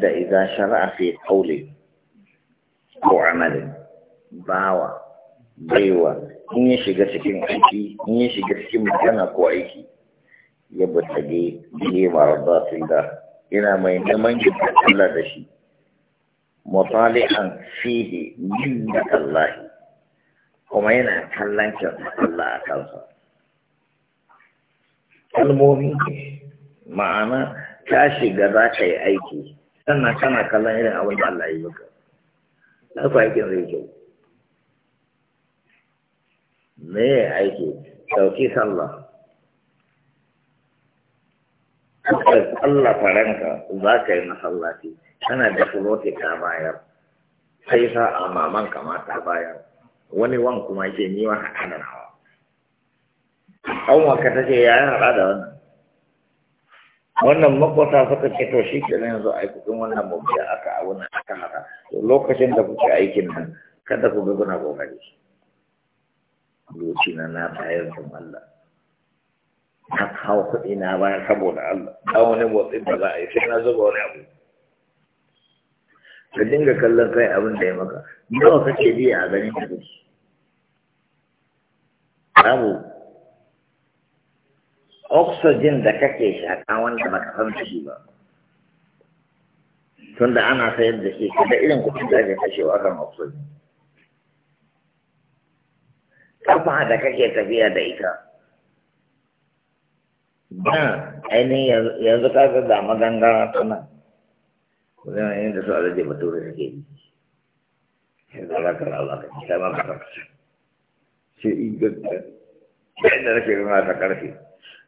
da iza شرع fi قوله ko amalin. Bawa, baiwa in ya shiga cikin aiki in ya shiga cikin magana ko aiki ya batage bihe marabatun da Ina mai neman yadda Allah da shi mutali'an fihi min da Allah kuma yana kallon Allah a kansa kalmomi ma'ana ta shiga za ka yi aiki sannan kana kallon irin abin da Allah ya yi maka na ku aikin zai kyau me ya aiki ɗauki sallah Allah faranka za ka yi masallaci kana da fulote ka bayar sai sa a maman kamata bayar wani wan kuma ke niwa haɗa da nawa an waka ta ce ya haɗa da wannan wannan makwata suka ce to shi ke yanzu aikin wannan mabiya aka a wannan aka haka to lokacin da kuke aikin nan kada ku ga kuna kokari lokaci na na bayar da Allah na kawo kuɗi na bayar saboda Allah na wani motsi da za a yi sai na zuba wani abu ka dinga kallon kai abin da ya maka nawa kake biya a ganin ka babu oxygen da kake kan wanda ba ka san shi ba tun da ana sayar da shi da irin kuɗin da ake kashewa kan oxygen kafa da kake tafiya da ita ba ainihin yanzu ga da magangara tana yin da su alaje bature suke yi yanzu alakar alakar ta ma ka tafi shi in gaggara yadda rashin rana ta karfe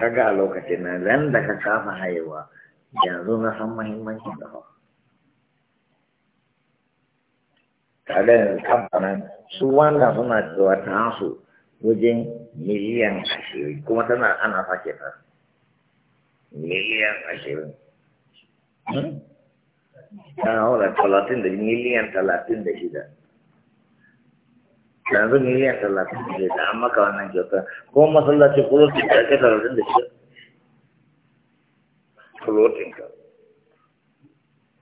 kaga a lokacin nan ran da ka kafa haihuwa yanzu na san mahimmancin da hau kaga yanzu kamfanin su wanda suna cewa ta hasu wajen miliyan ashirin kuma tana ana sake ta miliyan ashirin hmm? ta haura talatin da miliyan talatin da shida yanzu miliyan talatin da shida an maka wannan kyauta ko masallaci kulotin da ake talatin da shida kulotin ka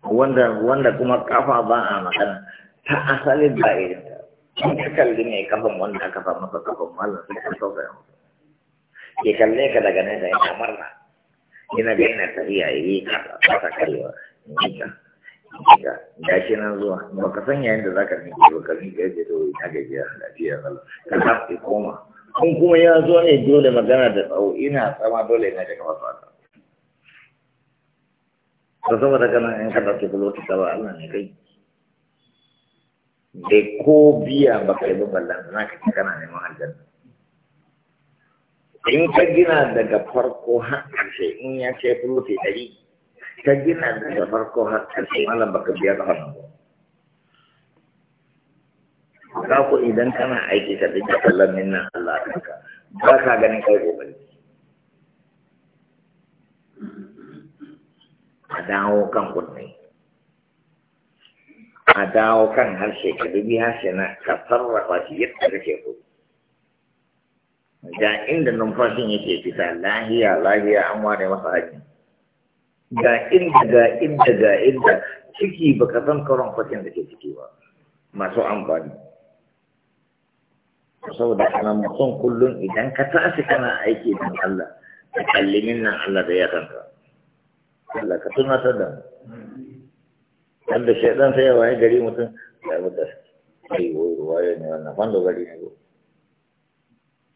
wanda wanda kuma kafa ba a magana ta asali ba irin ta in ka kalli mai kafan wanda aka fa masa kafan mallam sai ka sauka ya ke kalle ka daga nan da yana marna yana ga yana tafiya yi kafa ba ta kaiwa ka gashi nan zuwa ba ka san yayin da za ka miƙe ba ka ya yadda ta wuri ta gajiya ya kalau ka za ka koma kun kuma ya zo ne dole magana da tsawo ina tsama dole ina daga wasu aka ta sama da ganin in ka ɗauki buloti ta ba Allah ne kai da ko biya ba ka yi ba ballan na ka kana neman aljanna in ka gina daga farko har ƙarshe in ya ce buloti ɗari ka gina daga farko har ƙarshe malam baka biya ka ku idan kana aiki ka dinga kallon minnan Allah a kanka ba ka ganin kai gobe a dawo kan kunne a dawo kan harshe ka dubi harshe na ka sarrafa shi yadda kake so da inda numfashin yake fita lahiya lahiya an ware masa aji ga inda ga inda ga inda ciki baka san karon fakin da ke ciki ba masu amfani saboda ana mutum kullum idan ka tashi kana aiki don Allah ka kallimin nan Allah da ya kanka Allah ka ta da wanda shaidan sai ya waye gari mutum ya yi da ai waye ne wannan fando gari ne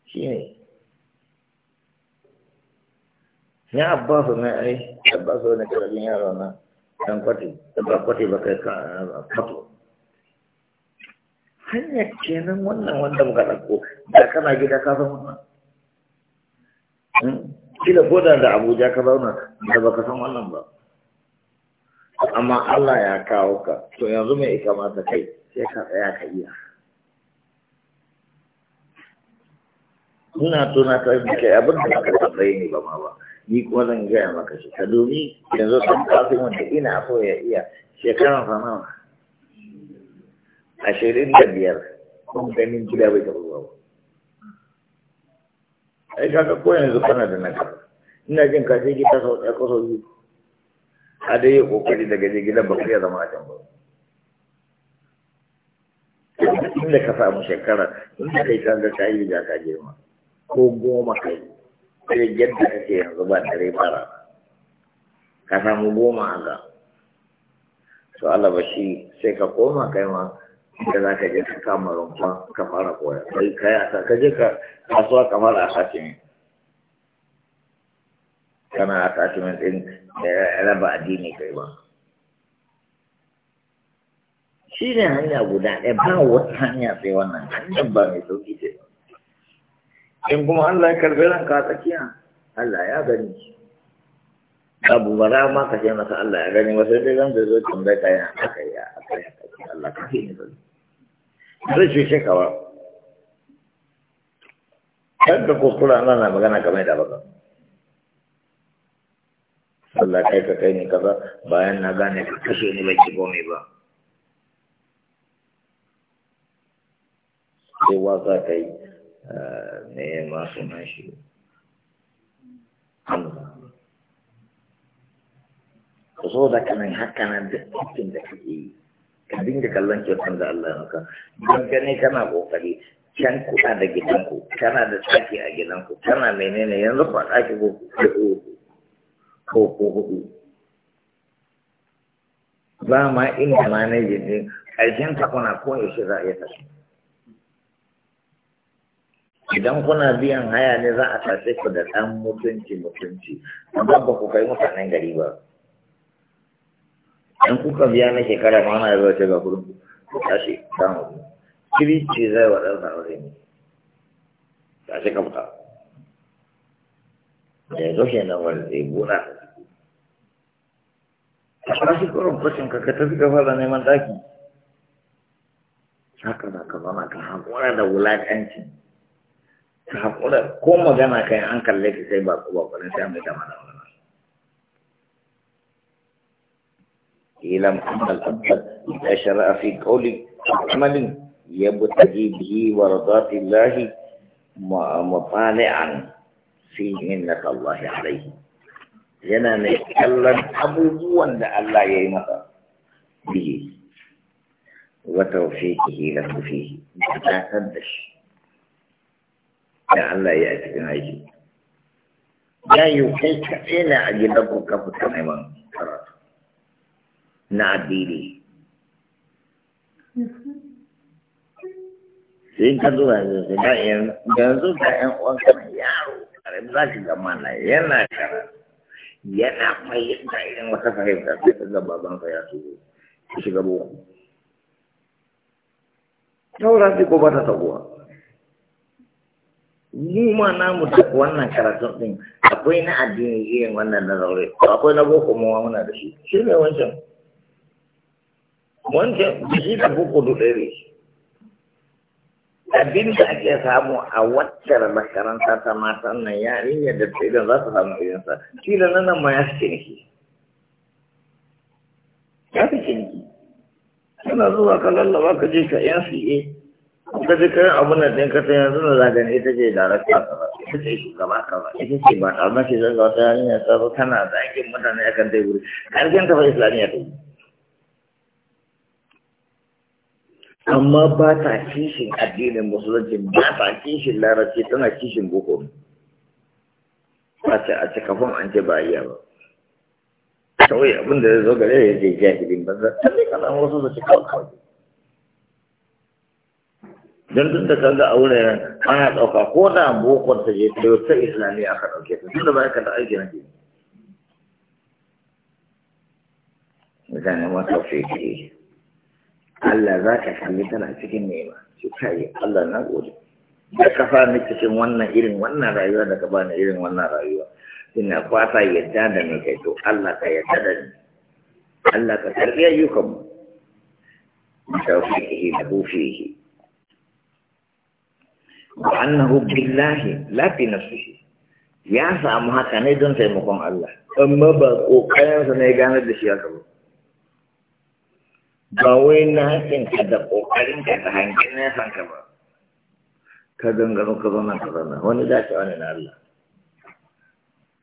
shi ne ya abbasu ne ai abbasu ne karamin yaro na ɗan kwati da ba kwati ba kai ka kwato hanya kenan wannan wanda muka ɗauko da kana gida ka san wannan hmm, kila ko da abuja ka zauna da baka san wannan ba amma Allah ya kawo ka to yanzu mai kamata kai sai ka tsaya ka iya ina tunatar da kai abin da aka tambaye ni ba ma ba ni kuma zan gaya maka shi ka domi yanzu san kafin wanda ina so ya iya shekaran fa nawa ashirin da biyar kun ganin gida bai taɓa zuwa ba. ai kaga ko yanzu kana da naka ina jin ka sai gida sau ɗaya ko sau biyu a dai yi kokari daga je gidan ba ya zama a can ba inda ka samu shekara inda kai da ka yi da ka girma ko goma kai irin yadda kake yanzu ba dare ba rana ka samu goma a to Allah ba sai ka koma kai ma da za ka je ka kama rumfa ka fara koya kai kai je ka kasuwa ka fara a sace kana a sace ne din raba addini kai ba shi ne hanya guda ɗaya ba wata hanya sai wannan hanyar ba mai sauƙi ce ba in kuma Allah ya karbi ranka tsakiya Allah ya gani abu ba za ma ka shi masa Allah ya gani wasu dai zan zai zo tambaye ka yana aka yi a kai aka kai Allah ka fi ne zai zai cuce ka ba yadda kuskura nan na magana game da baka Allah kai ka kai ne kaza bayan na gane ka kashe ni bai ci komai ba sai wasa ka yi ne ma suna shi hamza ku so da kanan haka nan duk cikin da kake yi ka dinga kallon kyautan da Allah maka don gane kana kokari can kuɗa da gidanku kana da tsaki a gidanku kana menene yanzu ba tsaki ko ko ko hudu ba ma inda ma na ƙarshen takwana ko yaushe za a yi tashi idan kuna biyan haya ne za a tashe ku da ɗan mutunci mutunci amma ba ku kai mutanen gari ba in kuka biya na shekara ma na zuwa ce ga kurin ku tashi samu ku kiri ce zai wa ɗan sarari ne tashi ka fita da yanzu ke nan wani zai buɗa a tashi kurin kwacin ka ka tafi ka fara neman daki. haka za ka zama ka haƙura da wulaƙancin ka haƙura ko magana kai an kalle ki sai ba ku ba kwanin sai mai dama da magana ilam annal abdal idza shara'a fi qawli amalin yabtaghi bihi waradati llahi mutali'an fi minnati allahi alayhi yana ne kallon abubuwan da Allah ya yi masa bihi wa tawfiqihi lahu fihi da ta da shi da Allah ya a na aiki ya yi kai kaɗai na a gidan ku ka fita neman karatu na addini sai ka zuwa yanzu da yanzu da yan uwan ka yaro karim za ki ga mana yana karatu yana fahimta irin wata fahimta sai ka ga babansa ya so shiga boko. Taura sai ko ba ta tabuwa. mu ma namu da wannan karatun din akwai na addini irin wannan na zaure akwai na boko mu muna da shi shi ne wancan wancan shi da boko da ɗaya abin da ake samu a waccar makaranta ta matan nan yarinyar da ta za su samu irinsa shi da nan ma ya fi ciniki ya fi ciniki kana zuwa ka lallaba ka je ka yan fiye ka ji kai abin da ɗin kasa yanzu na zagani ita ce da rasa kaza ita ce gaba kaza ita ce ba a mace zan ga wata yarinya ta zo tana zagin mutane akan ta wuri ƙarfin ta fa islamiyya ta yi amma ba ta kishin addinin musulunci ba ta kishin larabci tana kishin boko ba ce a cikafin an ce ba iya ba kawai abin da ya zo gare ya je jahilin banza ta ne samu wasu su ci kawai don duk da kaga a wuraren ana ɗauka ko da bokon ta je ta ta islamiyya aka ɗauke ta tun da ba ka da aiki na jini mutane mata feke Allah za ka kalli tana cikin nema ce kai Allah na gode da ka fara cikin wannan irin wannan rayuwa da ka bani irin wannan rayuwa ina fata yadda da ni kai to Allah ka yadda da ni Allah ka karbi ayyukan mu tawfiqihi lahu fihi annahu billahi la fi nafsihi ya samu haka ne don taimakon Allah amma ba sa ne gane da shi haka ba ba wai na ka da kokarin ka da hankin na san ka ba ka dangano ka zama ka zama wani dace wani na Allah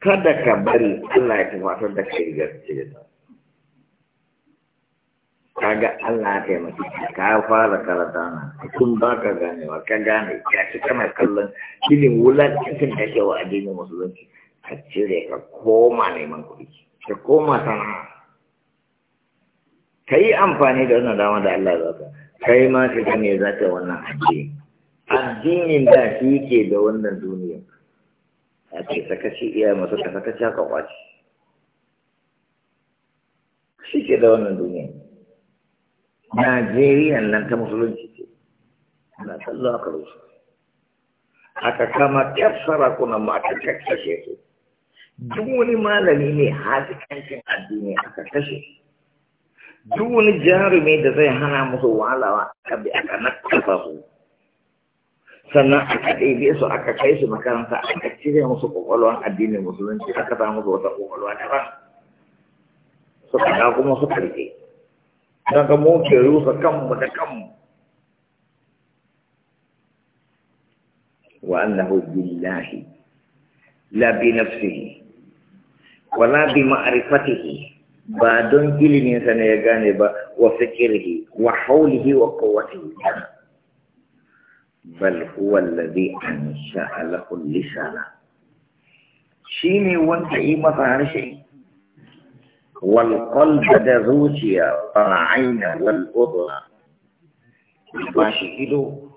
kada ka bari Allah ya tafi da kai ga cikin kaga Allah ya taimaki ka fara karata na tun ba ka ganewa ka gane ya ci kana kallon ilin wulancin da ke wa addinin musulunci ka cire ka koma neman kuɗi ka koma sana'a ka yi amfani da wannan dama da Allah ya ka yi ma ka gane za ka wannan addini addinin da shi ke da wannan duniya a ce sakaci iya masu ka sakaci haka kwaci shi ke da wannan duniya Najeriya nan ta musulunci ce ana kallon aka rusu aka kama ƙyar sarakunan ma aka kakkashe su duk wani malami ne hazikancin addini aka kashe duk wani jarumi da zai hana musu walawa aka bi aka nakkafa su sannan aka ɗebe su aka kai su makaranta aka cire musu ƙwaƙwalwan addinin musulunci aka sa musu wata ƙwaƙwalwa ba. suka da kuma suka rike daga mu ke rusa kanmu da kanmu وأنه بالله لا بنفسه ولا بمعرفته بعدون إلي الإنسان يجانب وفكره وحوله وقوته بل هو الذي أنشأ له اللسان شيني وانت إيمة عن شيء والقلب دروسيا والعين والأذن وشكله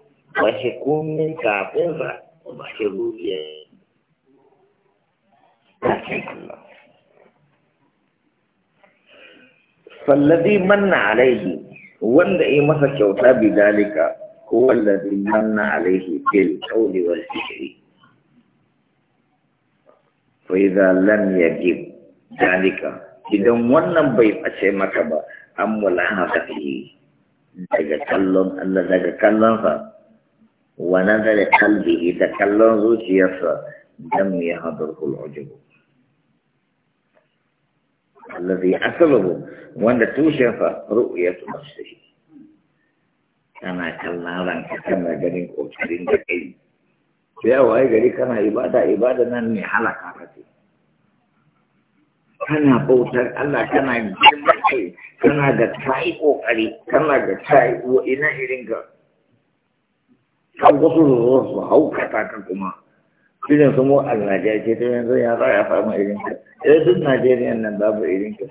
وشكون من تعبيرا وشكله فالذي من عليه وان اي مسك بذلك هو الذي من عليه في القول والفكر فاذا لم يجب ذلك idan wannan bai ɓace maka ba an mulahaka fi daga kallon Allah daga kallonsa wa nazari kalbihi da kallon zuciyarsa dam ya hadarkul Allah allazi asaluhu wanda tushensa ru'yatu nafsihi kana kallon ranka kana ganin kokarin da kai sai waye gari kana ibada ibada nan ne halaka ka ce kana bautar Allah kana girma kai kana da tayi kokari kana da tayi wa ina irin ka kan wasu zuwa su haukata ka kuma ne su mu Najeriya ce ta yanzu ya za ya samu irin ka ɗaya eh, duk najeriya nan babu irin ka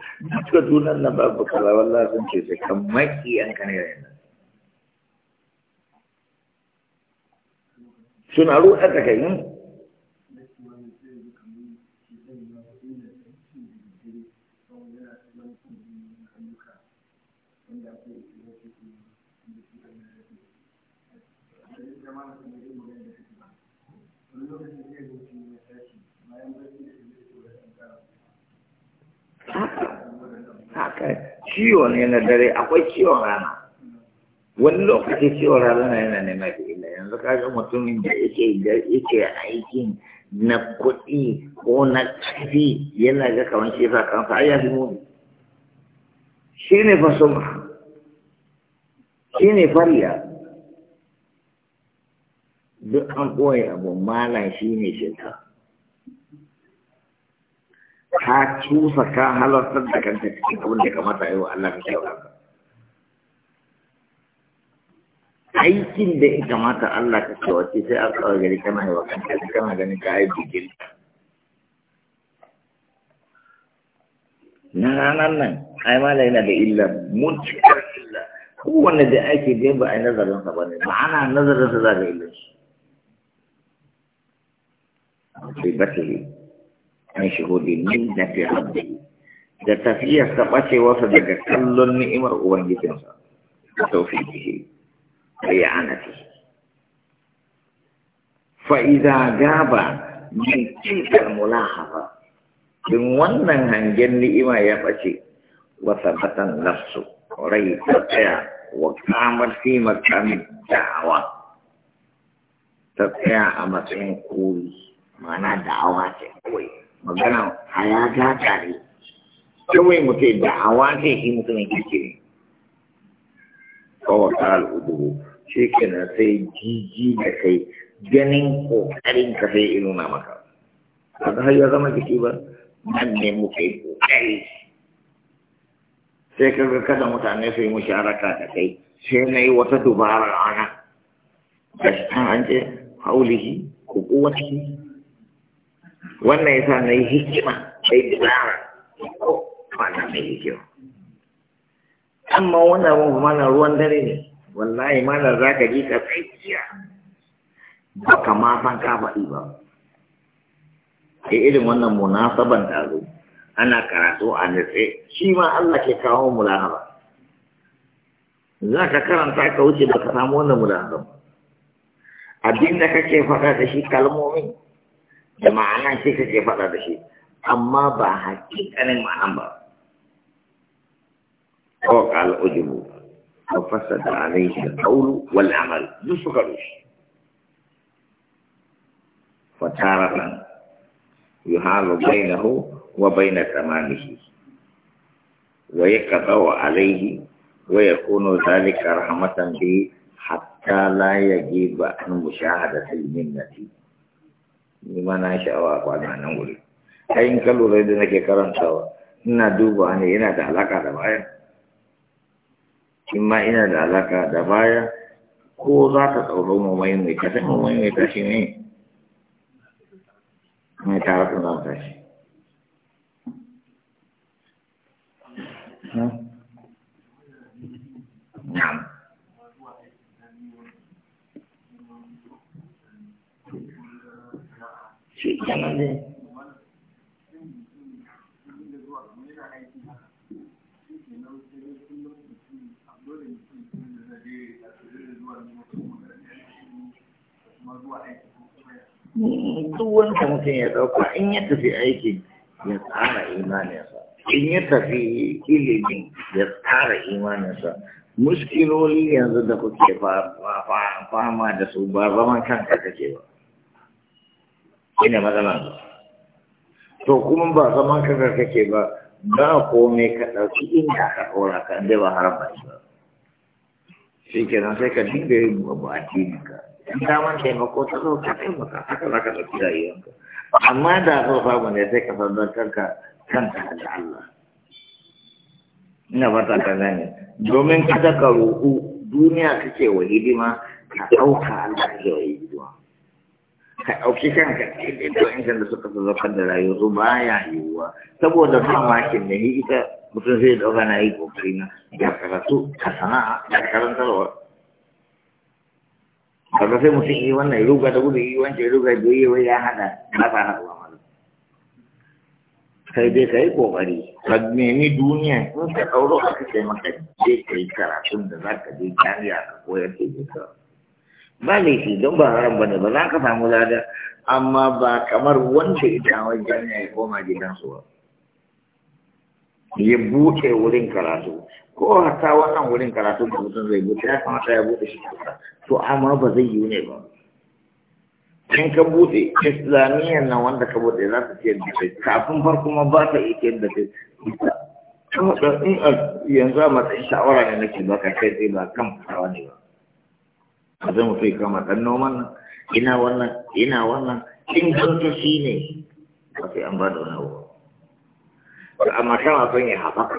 duka tunan nan babu kaza wallah sun ce sai kan maki ka ne rai nan suna ruɗa ta kai hmm? haka ciwo ne na dare akwai ciwon rana wani lokaci ciwon rana na yana nema illa yanzu kaga mutumin da yake da yake aikin na kuɗi ko na ƙarfi yana ga kamar shi yasa kansa ai ya fi muni shi ne fa suma shi ne farya duk an ɓoye abu malam shi ne shekara ka cusa ka halartar da kanta cikin abin da kamata yi wa Allah ka kyauta aikin da ya kamata Allah ka kyauta sai a kawai gari kana yi wa kanta sai kana ganin ka yi bikin na ranar nan ai mala yana da illa mutukar illa kowanne da ake biyan ba a yi nazarinsa ba ne ba ana nazarinsa za ga illa shi. Sai ba ta an na minnati hannu. da tafiyar ta bacewarsa daga kallon ni'imar ubangijinsa da taufiqihi da ya fa Faiza gaba min tilka mulahafa din wannan hangen ni'ima ya bace wasa batan nafsu rai ta tsaya wa kamar fi makamin da'awa ta tsaya a matsayin koyi Mana da'awa ce kawai magana a ya ga tare kawai mutu da hawa ce shi mutumin kirkiri kawai ta al'udu shi na sai jiji da kai ganin kokarin ka sai inuna maka kaga har ya zama jiki ba nan ne muka yi kokari sai kaga kada mutane su yi haraka da kai sai na yi wata dubara ana da shi an ce haulihi ko kuwatihi wannan yasa na yi hikima sai dubara ko kwana mai hikima amma wannan abin kuma na ruwan dare ne wallahi mana za ka ji ka tsakiya ba ka ma san ka faɗi ba a irin wannan munasaban da zo ana karatu a nutse shi ma Allah ke kawo mulahaba za ka karanta ka wuce ba ka samu wannan mulahaba abin da kake faɗa da shi kalmomin da ma'anan shi kake faɗa da shi amma ba hakikanin ma'anan ba فوق على الأجب ففسد عليه القول والعمل يسكرش فتارة يحال بينه وبين تمامه ويقطع عليه ويكون ذلك رحمة به حتى لا يجيب عن مشاهدة المنة ma na sha'awa kwana nan wuri ayin ka lura da nake karantawa ina duba ne yana da alaka da baya Ima ina da alaka da baya ko za ka tsoro mu mai mai ta mai mai shi ne mai ta rasu za ta kenan dai duk wanda ya ɗauka in ya tafi aiki ya tsara imaninsa in ya tafi ilimin ya tsara imaninsa muskiloli yanzu da kuke fama da su ba zaman kanka kake ba ina ba to kuma ba zaman kaga kake ba ba komai ka ɗauki inda ka ɗora ka inda ba haram ba ba shi nan sai ka dinga yin babu cikin ka in daman taimako ta zo ka taimaka haka za ka ɗauki rayuwanka amma da so samu ne sai ka da kanka kanta da Allah ina fata ka gane domin kada ka roƙu duniya kake wa hidima ka ɗauka Allah ke wa hidima ka ɗauki kanka ɗaiɗai to in da suka sadaukar da rayuwarsu ba ya yiwuwa saboda mamakin da ni ita mutum zai ɗauka na yi ƙoƙari na ya karatu ka sana'a da karantarwa kaga sai mutum yi wannan ruga da gudu yi wancan ruga da yi wai ya haɗa ba ta haɗuwa mana kai dai ka yi ƙoƙari ka nemi duniya in ka ɗauro aka ce maka je ka yi karatun da za ka je jami'a ka koyar da ita ba laifi don ba haram ba ne, ba za ka samu lada amma ba kamar wanda ita wajen ya koma gidansu ba ya buɗe wurin karatu ko hata wannan wurin karatu da mutum zai buɗe ya kamata ya buɗe shi kusa to amma ba zai yi ne ba in ka buɗe islamiyyar nan wanda ka buɗe za ta ciyar da kai kafin farko ma ba ta iya ciyar da kai in yanzu a matsayin shawara ne nake ba ka kai tsaye ba kan fitawa ne ba a zama fi kama ɗan noman nan ina wannan ina wannan in zanto shi ne ba an ba da wani abu amma kana son ya haɓaka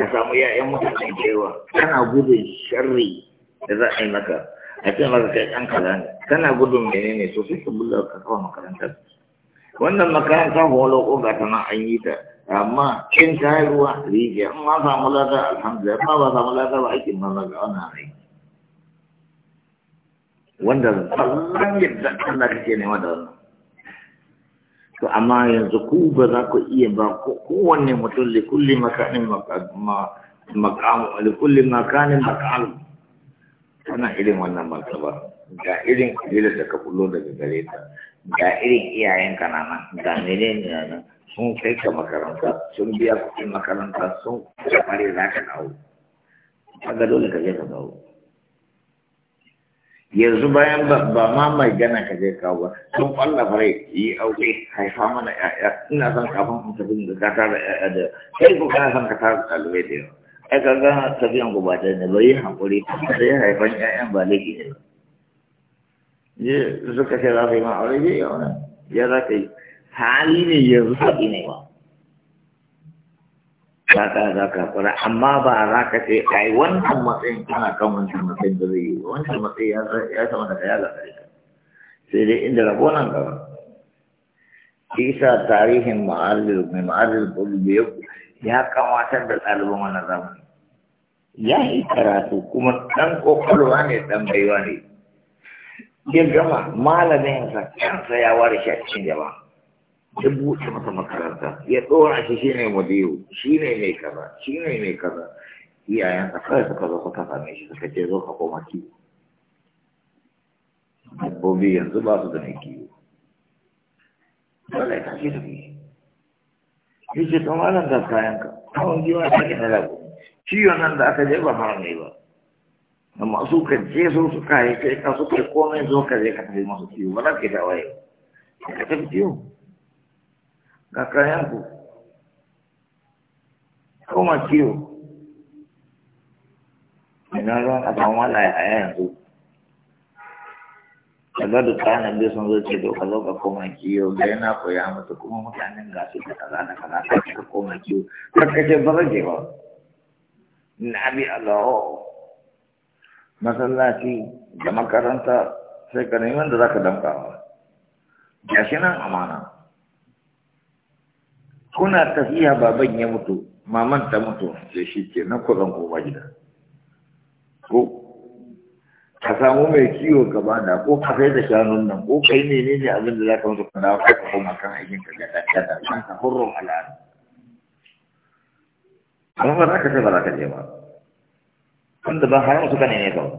ka samu ya'yan mutane cewa. kana gudun sharri da za a yi maka a ce maka kai ɗan kaza ne kana gudun menene so sai ka bulla ka kawo makarantar wannan makaranta holo ko ga tana an yi ta amma in ta ruwa rijiya amma ba samu lada alhamdulillah Amma ba samu lada ba aikin banza ga wannan rai wanda zan yadda Allah kake ne wanda wannan to amma yanzu ku ba za ku iya ba kowanne mutum li kulli makanin makamu li kulli makanin makamu ana irin wannan martaba ga irin kabilar da ka kullo daga gare ta ga irin iyayen kanana ga menene yana sun kai ka makaranta sun biya kuɗin makaranta sun kare za ka dawo ga dole ka je ka dawo yanzu bayan ba ma mai gana ka je kawo ba sun kwalla farai yi aure haifa mana ƴaƴa ina son kafin in tafi da ka da ƴaƴa da kai ko kana son ka tara ɗalibai da yawa ai ka ga tafiyan ku ba ta ne ba yi haƙuri sai haifan ƴaƴan ba laifi ne ba je suka ce za ka yi ma aure je ya wani ya za ka yi hali ne yanzu haƙi ne ba kaka za ka fara amma ba za ka ce ai wannan matsayin kana kan wancan matsayin da zai yi wancan matsayi ya sama da ya ga kare sai dai inda rabo nan gaba isa tarihin ma'arzil mai ma'arzil bulbe ya kamatar da ɗaliban wannan zamani ya yi karatu kuma ɗan ƙoƙarwa ne ɗan baiwa ne ya gama malamin sa kansa ya ware shi a cikin jama'a ya buɗe masa makaranta ya ɗora shi shine mudiru shine mai kaza shine mai kaza iyayen sa kai suka zo suka same shi suka ce zo ka koma kiwo dabbobi yanzu ba su da mai kiwo dole ka tashi da biyu ya ce to malam da kayan ka kawon giwa ta gina lagu ciwon nan da aka je ba fara ne ba amma su ka je so su kayi kai ka su kai komai zo ka je ka tafi masu kiwo ba za ka yi tawaye ka tafi kiwo ga kayanku koma kiwo ina ruwan a samu walaye a yanzu daga da kayan da sun zo ce to ka zo ka koma kiwo ga yana koya musu kuma mutanen ga su da kaza da kaza ka ka koma kiwo kar ka ce ba rage ba na bi Allah masallaci da makaranta sai ka neman da za ka damka ba shi nan amana kuna tafiya baban ya mutu maman ta mutu sai shi ke na kuɗin koma gida ko ka samu mai kiwo gaba bada ko ka sai da shanun nan ko kai ne ne ne abin da za ka mutu ka dawo ka koma kan aikin ka gada gada kan ka hurrun al'adu amma ba za ka ce ba za ka je ba wanda ba haram su kane ne kawai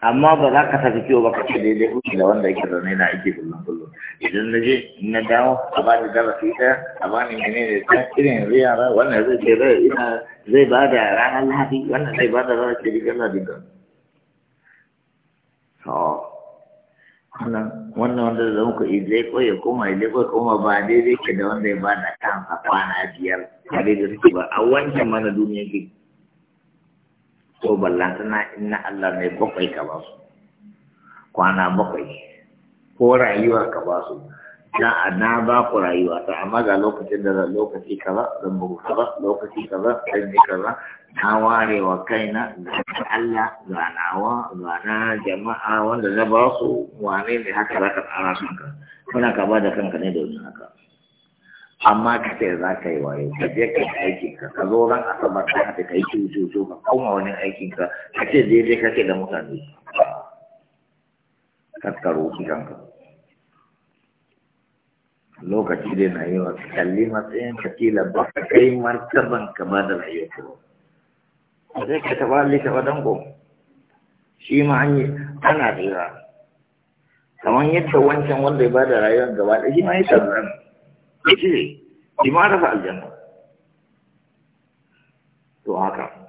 amma ba za ka tafi kiwo ba ka ce daidai hutu da wanda yake zaune na aiki kullum kullum idan na je na dawo a ba da darasi ɗaya a ba ni mene ne ta irin yara wannan zai ce zai ina zai ba da ranar lahadi wannan zai ba da ranar ce rigar ladigar wannan wannan wanda da muka yi zai koya koma ya zai koma ba daidai ke da wanda ya ba da kansa kwana biyar ba daidai suke ba a wancan mana duniya ke ko ballantana ina Allah mai bakwai ka ba su kwana bakwai ko rayuwa ka ba su na na ba ku rayuwa ta amma ga lokacin da za lokaci kaza zan bugu ba lokaci kaza zan yi kaza na ware wa kaina da Allah ga nawa ga na jama'a wanda za ba su wane ne haka za ka tsara kanka kuna ka ba da kanka ne da wani haka amma ka ce za ka yi waye ka je ka yi aikin ka ka zo ran asabar ka haka ka yi cucucu ka kuma wani aikin ka ka ce daidai kake da mutane ka karo kanka lokaci dai na yi wa kalli matsayin ka kila ba ka kai martaban ka ba da rayuwa ba sai ka taɓa ba dango shi ma an yi ana tsira kamar yadda wancan wanda ya ba da rayuwar gaba da shi ma ya tsaron ya ce shi ma rafa aljanna to haka